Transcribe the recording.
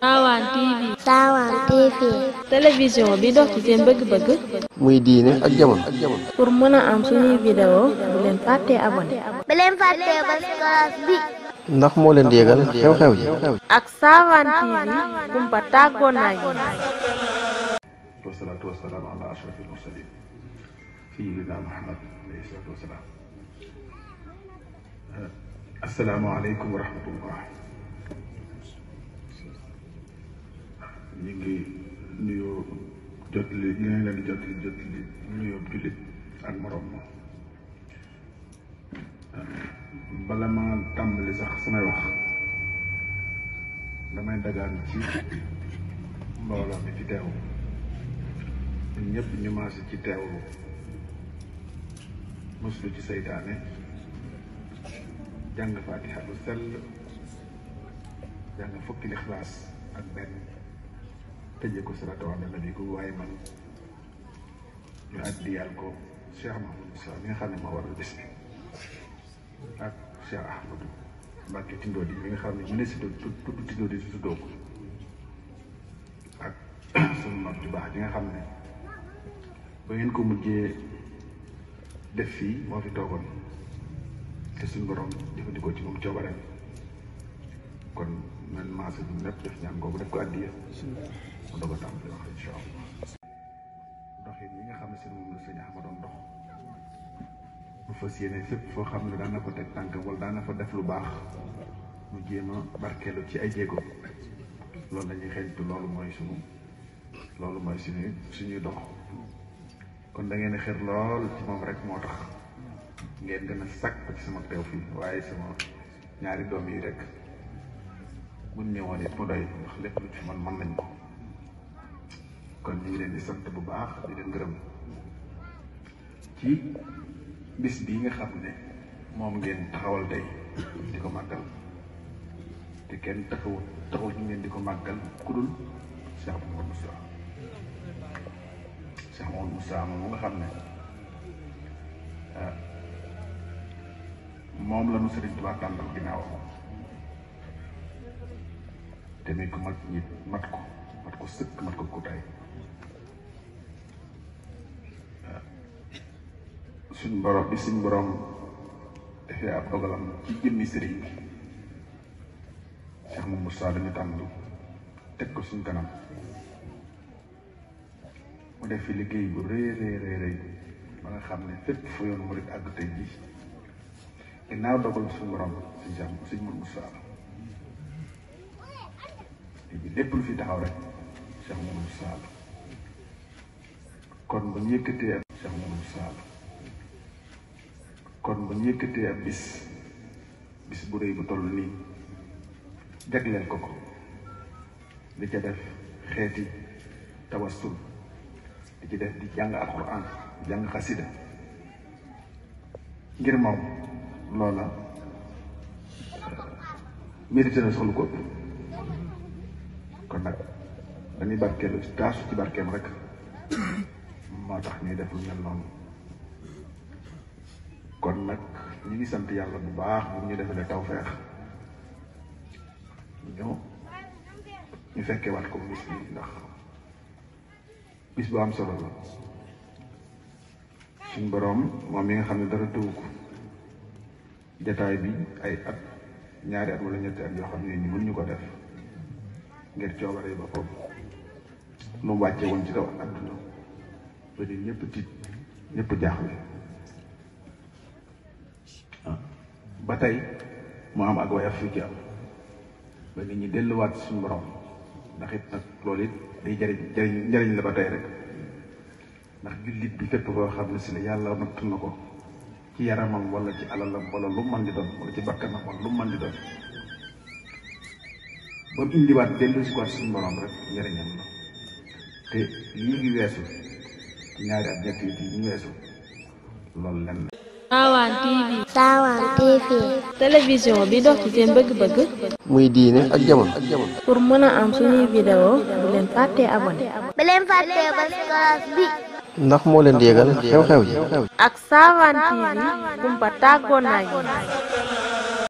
Sawan TV. Sawan TV. télévision bi dox bëgg-bëgg. muy diine ak jamono. pour mën a am suñuy vidéo bu leen fàttee abonné. bu leen fàttee ba bi. ndax moo leen di yëgal xew-xew yi. ak Sawan TV kumpa tàggoon naa yi. wasalaatu wasalaam ala ashrafil mursalin sayyidina Muhammad alayhi salaatu wasalaam. asalaamaaleykum wa rahmatullah. ñu ngi nuyoo jotli ñu ngi leen jotli jotli nuyoo julit ak morom ma bala ma tàmbali sax samay wax damay dagaan ci mbooloo mi fi teew ñëpp ñu maasi ci ci fatiha bu fukki ak benn tëjee ko sirata wala nabi ko waaye man ñu addiyal ko cheikh mahamadou sa mi nga xam ne ya moo waral bis bi ak cheikh ahmadou mbàkke tindoo di mi nga xam ne mu ne si tudd tindoo di si tuddoo ak suñu mag ju baax ji nga xam ba ngeen ko mujjee def fii moo fi te borom ci kon man maa sa ñun lépp def def ko addiya doog a tàmbali wax incha doxin yi nga xam ne si moom la sëñ Axma doon dox bu fas yéene fépp foo xam ne daan na ko teg tànk wala daan na fa def lu baax mu jéem a ci ay jéego loolu la ñuy xeeñtu loolu mooy sunu loolu mooy suñuy suñuy dox kon da ngeen a lool ci moom rek moo tax ngeen gën a sàkk ci sama teew fii waaye sama ñaari doom yi rek buñ ñëwoon it mu doy ndax lépp lu ci man mën nañ ko. kon ñu ngi leen di sant bu baax di leen gërëm ci bis bii nga xam ne moom ngeen taxawal tey di ko màggal te kenn taxawut taxawut ñu ngeen di ko màggal ku dul Cheikh Mouhamadou Moussa Cheikh Mouhamadou moom nga xam ne ah, moom la nu Sëriñ Tuubaa tàndal ginnaawam te muy ko mat ñi mat ko man ko sëkk man ko borom bi borom defee ab dogalam ci jëmmi sëriñ bi Cheikh Moussa dañu ko suñ kanam mu def fi liggéey bu rëy rëy rëy rëy ba nga xam ne fépp fu yoon murid àgg tey jii ginnaaw dogal suñu borom si jàmm suñ Moussa lépp lu fi taxaw rek Cheikh Mourou Sall kon bu ñu yëkkatee ab Cheikh Mourou kon bu ñu ab bis bis bu rëy bu toll nii jagleel ko ko di ca def tawasul di ci def di jàng alquran di jàng xasida ngir moom lola, mérité na soxlu ko kon dañuy lu ci taasu ci barkeem rek moo tax ñuy def lu mel noonu kon nak ñi ngi sant yalla bu baax bu ñu taw tawfeex ñu ñu fekkee wat ko bis bi ndax bis bu am solo la suñ borom moom mi nga xam ne dara tëwu ko jataay bi ay at ñaari at wala ñetti at yoo xam ne ñu mën ñu ko def ngir coobaree ba boppam nu wacce won ci taw aduna ba di ñepp tit ñepp ya. jaxlé ba tay mu am ak wayaf fi ci am ba nit ñi wat suñu borom ndax it nak lolit day jariñ jariñ la ba tay rek ndax julit bi fepp koo xam ci la yalla nak natt na ci yaramam wala ci alalam wala lu man di doon wala ci bakkanam wala lu man di doon ba mu indiwaat dellu si ko suñu borom rek te lii ngi TV. Sawane TV. Televisi bi dox ci seen bëgg-bëgg. muy diine ak jamono. pour mën a am suñuy vidéo bu leen fàttee abonné. bu leen fàttee bi. TV kumpa tàggoon